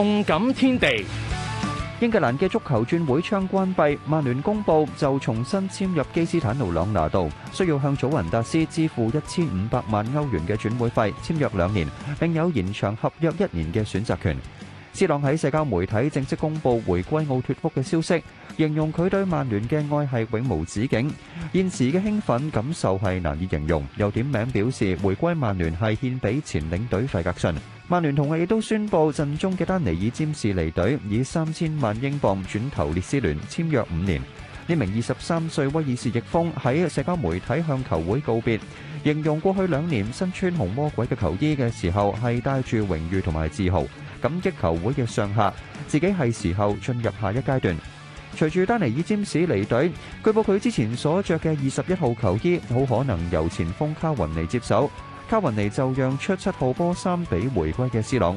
動感天地，英格蘭嘅足球轉會窗關閉，曼聯公布就重新簽入基斯坦奴·朗拿度，需要向祖雲達斯支付一千五百萬歐元嘅轉會費，簽約兩年，並有延長合約一年嘅選擇權。斯朗喺社交媒體正式公布回歸奧脫福嘅消息，形容佢對曼聯嘅愛係永無止境，現時嘅興奮感受係難以形容。又點名表示回歸曼聯係獻俾前領隊費格遜。曼聯同日亦都宣布陣中嘅丹尼爾占士離隊，以三千萬英鎊轉投列斯聯，簽約五年。呢名二十三歲威爾士翼鋒喺社交媒體向球會告別，形容過去兩年身穿紅魔鬼嘅球衣嘅時候係帶住榮譽同埋自豪，感激球會嘅上下，自己係時候進入下一階段。隨住丹尼爾占士離隊，據報佢之前所著嘅二十一號球衣，好可能由前鋒卡雲尼接手。卡雲尼就讓出七號波衫俾迴歸嘅 C 朗。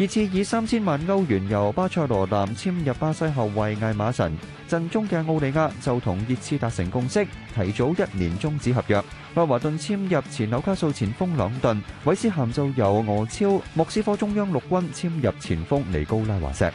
熱刺以三千萬歐元由巴塞羅南簽入巴西後衛艾馬臣，陣中嘅奧利亞就同熱刺達成共識，提早一年終止合約。愛華頓簽入前紐卡素前鋒朗頓，韋斯咸就由俄超莫斯科中央陸軍簽入前鋒尼高拉華石。